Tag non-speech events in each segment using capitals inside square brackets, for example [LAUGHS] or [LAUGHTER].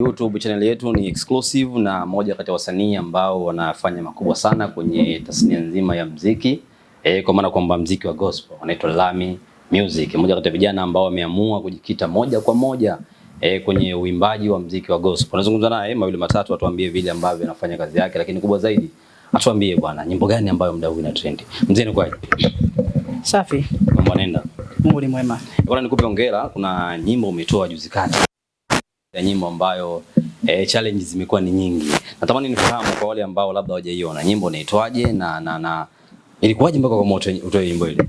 YouTube channel yetu ni exclusive na moja kati ya wasanii ambao wanafanya makubwa sana kwenye tasnia nzima ya mziki e, kwa maana kwamba mziki wa gospel wanaitwa Lami Music, moja kati ya vijana ambao wameamua kujikita moja kwa moja e, kwenye uimbaji wa mziki wa gospel. Unazungumza naye mawili matatu, atuambie vile ambavyo anafanya kazi yake, lakini kubwa zaidi atuambie bwana, nyimbo gani ambayo muda huu ina trend. Mzee, ni kwaje? Safi, mambo yanaenda? Mungu ni mwema bwana. Nikupe hongera, kuna nyimbo umetoa juzi kati ya nyimbo ambayo e, challenge zimekuwa ni nyingi. Natamani nifahamu kwa wale ambao labda hawajaiona nyimbo inaitwaje na, na, na ilikuwaje mpaka kama utoe nyimbo ile?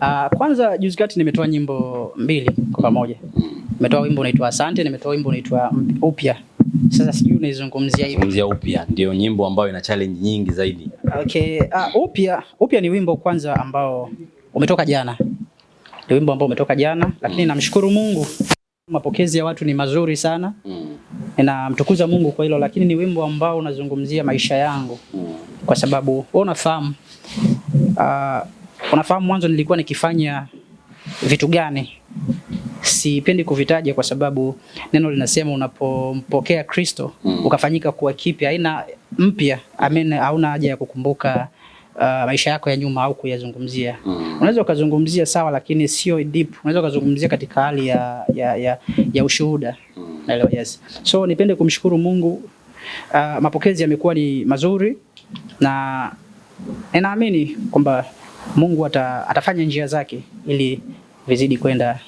Uh, kwanza juzi kati nimetoa nyimbo mbili kwa pamoja. Hmm. Nimetoa wimbo unaitwa Asante, nimetoa wimbo unaitwa Upya. Sasa sijui unaizungumzia hivi. Zungumzia Upya ndio nyimbo ambayo ina challenge nyingi zaidi. Okay, uh, Upya, Upya ni wimbo kwanza ambao umetoka jana. Ni wimbo ambao umetoka jana, lakini mm, namshukuru Mungu Mapokezi ya watu ni mazuri sana mm. Ninamtukuza Mungu kwa hilo, lakini ni wimbo ambao unazungumzia maisha yangu mm. Kwa sababu wewe unafahamu uh, unafahamu mwanzo nilikuwa nikifanya vitu gani. Sipendi kuvitaja kwa sababu neno linasema unapompokea Kristo mm. ukafanyika kuwa kipya, aina mpya. Amen, hauna haja ya kukumbuka uh, maisha yako ya nyuma au kuyazungumzia. Mm. Unaweza ukazungumzia sawa, lakini sio deep. Unaweza ukazungumzia katika hali ya, ya, ya, ya ushuhuda. Mm. yes. So nipende kumshukuru Mungu uh, mapokezi yamekuwa ni mazuri na ninaamini kwamba Mungu ata, atafanya njia zake ili vizidi kwenda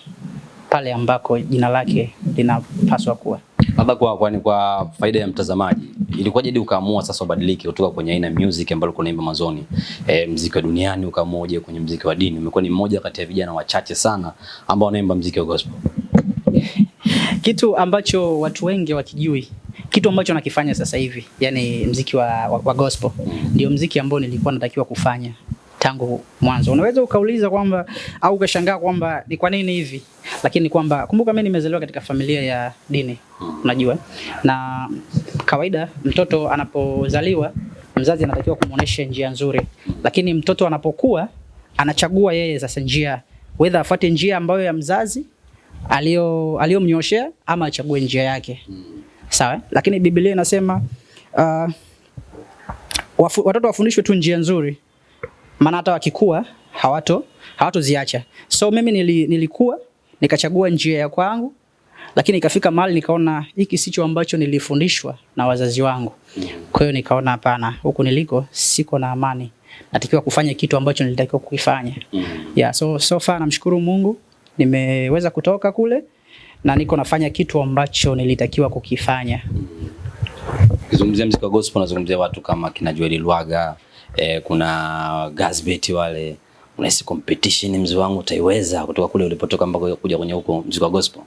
pale ambako jina lake linapaswa kuwa labda kwa, kwa, kwa faida ya mtazamaji ilikuwa je, ukaamua sasa ubadilike kutoka kwenye aina music ambayo ulikuwa unaimba mwanzoni, e, mziki wa duniani ukaamua kwenye mziki wa dini? Umekuwa ni mmoja kati ya vijana wachache sana ambao wanaimba mziki wa gospel. Kitu ambacho watu wengi wakijui kitu ambacho nakifanya sasa hivi, yani mziki wa, wa, wa gospel mm. ndio mziki ambao nilikuwa natakiwa kufanya tangu mwanzo. Unaweza ukauliza kwamba au ukashangaa kwamba ni kwa nini hivi, lakini kwamba kumbuka, mimi nimezaliwa katika familia ya dini, unajua, na kawaida mtoto anapozaliwa mzazi anatakiwa kumuonesha njia nzuri, lakini mtoto anapokuwa anachagua yeye sasa njia, whether afuate njia ambayo ya mzazi aliyomnyoshea ama achague njia yake, sawa. Lakini Biblia inasema uh, watoto wafundishwe tu njia nzuri maana hata wakikua hawato hawatoziacha. So mimi nili, nilikuwa nikachagua njia ya kwangu, lakini ikafika mahali nikaona hiki sicho ambacho nilifundishwa na wazazi wangu. Mm. Kwa hiyo nikaona hapana, huku niliko siko na amani, natakiwa kufanya kitu ambacho nilitakiwa kukifanya. Mm. Yeah, so so far namshukuru Mungu nimeweza kutoka kule na niko nafanya kitu ambacho nilitakiwa kukifanya. Mm. Kizungumzia mziki wa gospel, nazungumzia watu kama kina Joel Lwaga eh, kuna Gazbet wale unahisi competition mzee wangu utaiweza kutoka kule ulipotoka mpaka kuja kwenye huko mziki wa gospel?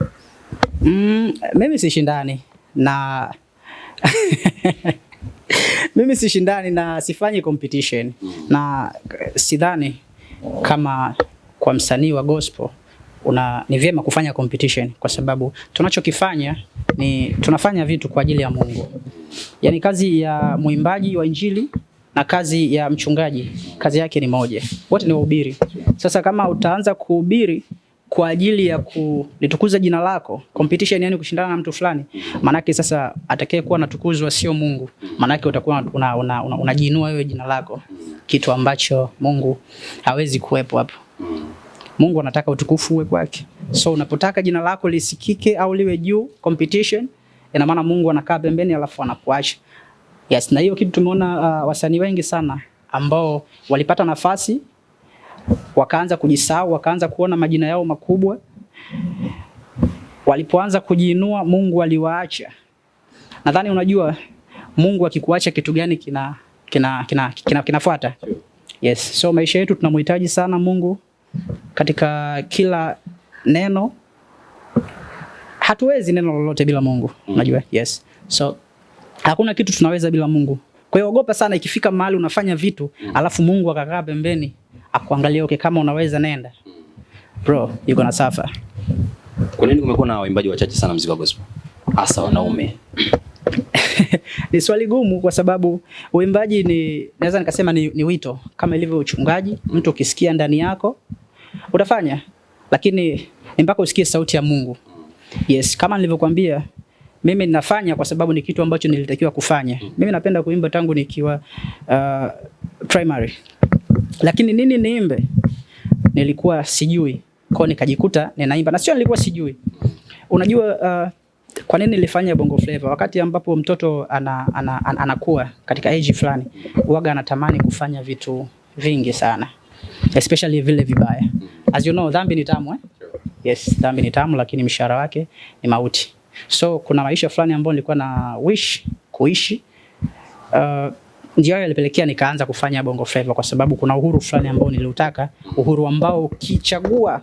Mm, mimi sishindani na [LAUGHS] mimi sishindani na sifanyi competition mm. na sidhani kama kwa msanii wa gospel una ni vyema kufanya competition kwa sababu tunachokifanya ni tunafanya vitu kwa ajili ya Mungu. Yaani kazi ya mwimbaji wa injili na kazi ya mchungaji, kazi yake ni moja, wote ni wahubiri. Sasa kama utaanza kuhubiri kwa ajili ya kulitukuza jina lako, competition yani kushindana na mtu fulani, maanake sasa atakaye kuwa anatukuzwa sio Mungu, maanake utakuwa unajiinua una, una, una wewe jina lako, kitu ambacho Mungu hawezi kuwepo hapo. Mungu anataka utukufu uwe kwake, so unapotaka jina lako lisikike au liwe juu, competition, ina maana Mungu anakaa pembeni, alafu anakuacha. Yes, na hiyo kitu tumeona uh, wasanii wengi sana ambao walipata nafasi wakaanza kujisahau, wakaanza kuona majina yao makubwa. Walipoanza kujiinua, Mungu aliwaacha. Nadhani unajua Mungu akikuacha kitu gani kina kina kina kina, kina yes. So maisha yetu tunamhitaji sana Mungu katika kila neno. Hatuwezi neno lolote bila Mungu, unajua yes. So Hakuna kitu tunaweza bila Mungu. Kwa hiyo ogopa sana ikifika mahali unafanya vitu mm. alafu Mungu akakaa pembeni akuangalia, okay, kama unaweza nenda. Bro, you gonna suffer. Kwa nini kumekuwa na waimbaji wachache sana mziki wa gospel? Hasa wanaume. [LAUGHS] Ni swali gumu kwa sababu uimbaji ni naweza nikasema ni, ni wito kama ilivyo uchungaji. Mtu ukisikia ndani yako utafanya, lakini mpaka usikie sauti ya Mungu. Mm. Yes, kama nilivyokuambia mimi ninafanya kwa sababu ni kitu ambacho nilitakiwa kufanya. Mm. Mimi napenda kuimba tangu nikiwa uh, primary, lakini nini niimbe nilikuwa sijui, kwa nikajikuta ninaimba na sio nilikuwa sijui. Unajua uh, kwa nini nilifanya Bongo Flava? Wakati ambapo mtoto anakuwa ana, ana, ana katika age fulani, uwaga anatamani kufanya vitu vingi sana, especially vile vibaya. As you know, dhambi ni tamu eh? Yes, dhambi ni tamu, lakini mshahara wake ni mauti. So kuna maisha fulani ambayo nilikuwa na wish kuishi uh, ndio yalipelekea nikaanza kufanya Bongo Flava kwa sababu kuna uhuru fulani ambao niliutaka, uhuru ambao ukichagua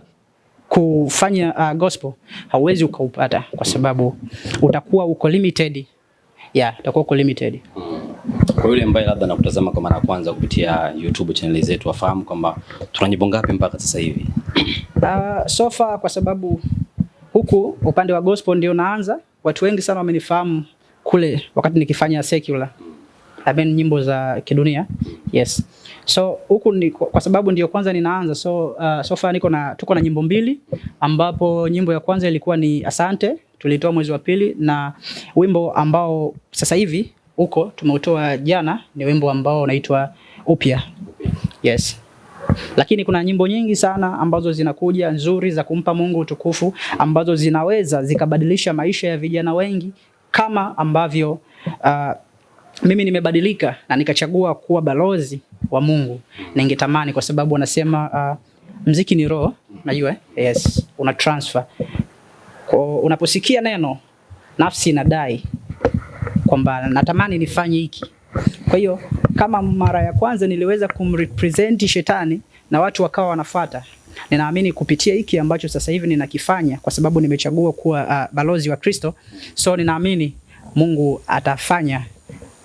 kufanya uh, gospel hauwezi ukaupata kwa sababu utakuwa uko limited. Yeah, utakuwa uko limited. Kwa yule ambaye labda nakutazama kwa mara ya kwanza kupitia YouTube channel zetu, wafahamu kwamba tuna nyimbo ngapi mpaka sasa hivi? Uh, so far kwa sababu Huku upande wa gospel ndio naanza, watu wengi sana wamenifahamu kule wakati nikifanya secular I mean, nyimbo za kidunia yes. So huku ni kwa sababu ndio kwanza ninaanza, so uh, so far niko na tuko na nyimbo mbili, ambapo nyimbo ya kwanza ilikuwa ni Asante, tulitoa mwezi wa pili, na wimbo ambao sasa hivi huko tumeutoa jana ni wimbo ambao unaitwa Upya. Yes. Lakini kuna nyimbo nyingi sana ambazo zinakuja nzuri za kumpa Mungu utukufu ambazo zinaweza zikabadilisha maisha ya vijana wengi kama ambavyo uh, mimi nimebadilika na nikachagua kuwa balozi wa Mungu. Ningetamani kwa sababu wanasema uh, mziki ni roho, najua yes, una transfer. Kwa unaposikia neno, nafsi inadai kwamba natamani nifanye hiki, kwa hiyo kama mara ya kwanza niliweza kumrepresent shetani na watu wakawa wanafata. Ninaamini kupitia hiki ambacho sasa hivi ninakifanya, kwa sababu nimechagua kuwa uh, balozi wa Kristo, so ninaamini Mungu atafanya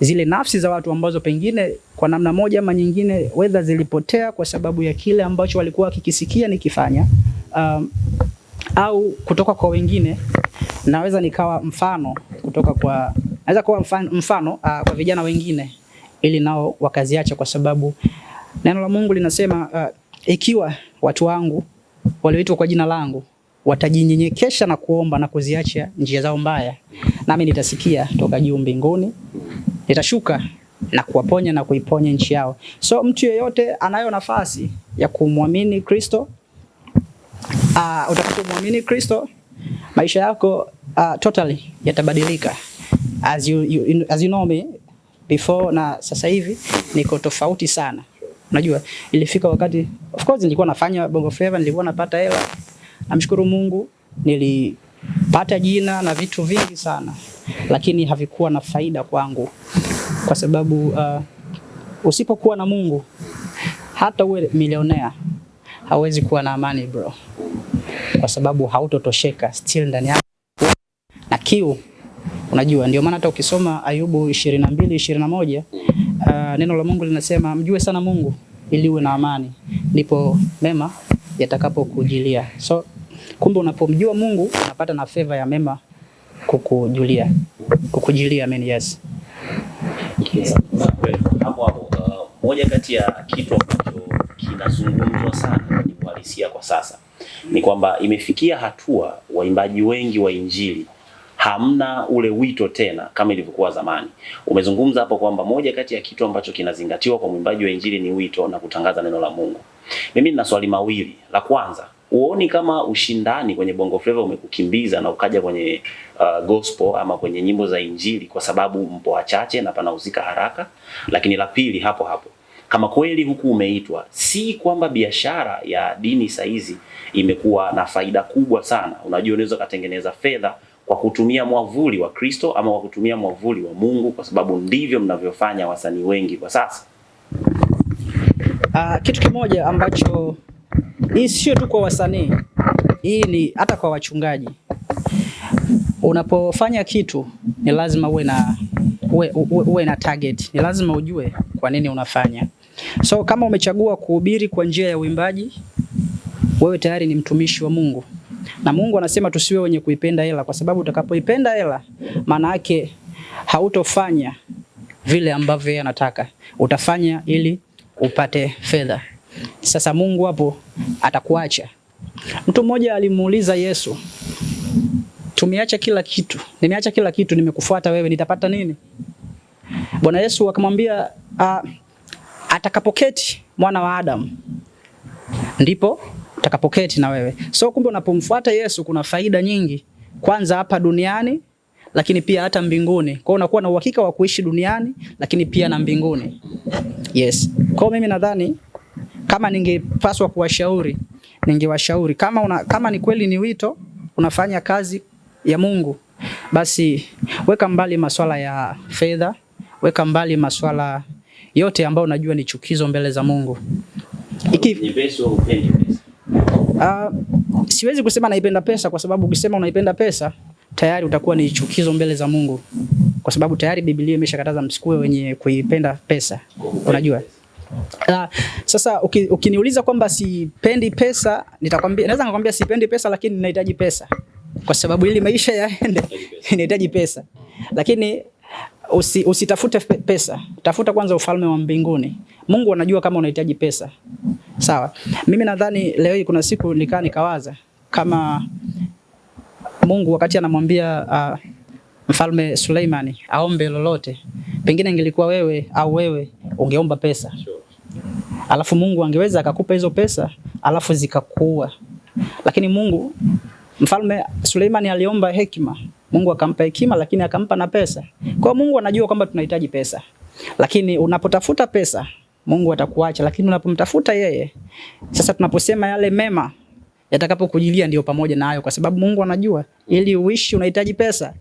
zile nafsi za watu ambazo pengine kwa namna moja ama nyingine wedha zilipotea kwa sababu ya kile ambacho walikuwa wakikisikia nikifanya, um, au kutoka kwa wengine. Naweza nikawa mfano kutoka kwa, naweza kuwa mfano, mfano uh, kwa vijana wengine ili nao wakaziacha, kwa sababu neno la Mungu linasema uh, ikiwa watu wangu walioitwa kwa jina langu watajinyenyekesha na kuomba na kuziacha njia zao mbaya, nami nitasikia toka juu mbinguni, nitashuka na kuwaponya na kuiponya nchi yao. So mtu yeyote anayo nafasi ya kumwamini Kristo. Uh, utakapomwamini Kristo maisha yako uh, totally yatabadilika. As you, you, as you know me before na sasa hivi niko tofauti sana. Unajua, ilifika wakati of course nilikuwa nafanya Bongo Flava, nilikuwa napata hela. Namshukuru Mungu nilipata jina na vitu vingi sana, lakini havikuwa na faida kwangu kwa sababu uh, usipokuwa na Mungu hata uwe milionea hawezi kuwa na amani bro, kwa sababu hautotosheka, still ndani yako na kiu Unajua, ndio maana hata ukisoma Ayubu 22 na mbili moja uh, neno la Mungu linasema mjue sana Mungu ili uwe na amani, ndipo mema yatakapokujilia. So kumbe unapomjua Mungu unapata na feva ya mema kukujulia, kukujilia. Amen, yes. Hapo hapo uh, moja kati ya kitu ambacho kinazungumzwa sana kwenye uhalisia kwa sasa ni kwamba imefikia hatua waimbaji wengi wa Injili hamna ule wito tena kama ilivyokuwa zamani. Umezungumza hapo kwamba moja kati ya kitu ambacho kinazingatiwa kwa mwimbaji wa Injili ni wito na kutangaza neno la Mungu. Mimi nina swali mawili. La kwanza, uoni kama ushindani kwenye Bongo Flava umekukimbiza na ukaja kwenye uh, gospel ama kwenye nyimbo za Injili kwa sababu mpo wachache na panahusika haraka? Lakini la pili hapo hapo kama kweli huku umeitwa, si kwamba biashara ya dini saizi imekuwa na faida kubwa sana. Unajua, unaweza ukatengeneza fedha kwa kutumia mwavuli wa Kristo ama kwa kutumia mwavuli wa Mungu, kwa sababu ndivyo mnavyofanya wasanii wengi kwa sasa. Uh, kitu kimoja ambacho hii sio tu kwa wasanii, hii ni hata kwa wachungaji. Unapofanya kitu ni lazima uwe na uwe, uwe, uwe na target, ni lazima ujue kwa nini unafanya. So kama umechagua kuhubiri kwa njia ya uimbaji, wewe tayari ni mtumishi wa Mungu na Mungu anasema tusiwe wenye kuipenda hela, kwa sababu utakapoipenda hela, maana yake hautofanya vile ambavyo yeye anataka, utafanya ili upate fedha. Sasa Mungu hapo atakuacha. Mtu mmoja alimuuliza Yesu, tumeacha kila kitu, nimeacha kila kitu, nimekufuata wewe, nitapata nini? Bwana Yesu akamwambia, ah, atakapoketi mwana wa Adamu ndipo utakapoketi na wewe. So kumbe unapomfuata Yesu kuna faida nyingi, kwanza hapa duniani, lakini pia hata mbinguni. Kwa hiyo unakuwa na uhakika wa kuishi duniani, lakini pia na mbinguni. Yes. Kwa mimi nadhani kama ningepaswa kuwashauri, ningewashauri kama una, kama ni kweli ni wito unafanya kazi ya Mungu, basi weka mbali masuala ya fedha, weka mbali masuala yote ambayo unajua ni chukizo mbele za Mungu. Iki... Uh, siwezi kusema naipenda pesa kwa sababu ukisema unaipenda pesa tayari utakuwa ni chukizo mbele za Mungu, kwa sababu tayari Biblia imeshakataza msikue wenye kuipenda pesa, unajua. Uh, sasa ukiniuliza kwamba sipendi pesa, nitakwambia naweza nikwambia sipendi pesa, lakini ninahitaji pesa kwa sababu ili maisha yaende [LAUGHS] inahitaji pesa, lakini usi, usitafute pesa, tafuta kwanza ufalme wa mbinguni. Mungu anajua kama unahitaji pesa. Sawa. Mimi nadhani leo hii kuna siku nikaa nikawaza kama Mungu wakati anamwambia uh, Mfalme Suleimani aombe lolote, pengine ingelikuwa wewe au wewe ungeomba pesa, alafu Mungu angeweza akakupa hizo pesa alafu zikakuua. Lakini Mungu, Mfalme Suleimani aliomba hekima, Mungu akampa hekima, lakini akampa na pesa. Kwa Mungu anajua kwamba tunahitaji pesa, lakini unapotafuta pesa Mungu atakuacha, lakini unapomtafuta yeye, sasa tunaposema yale mema yatakapokujilia, ndio pamoja na hayo, kwa sababu Mungu anajua, ili uishi unahitaji pesa,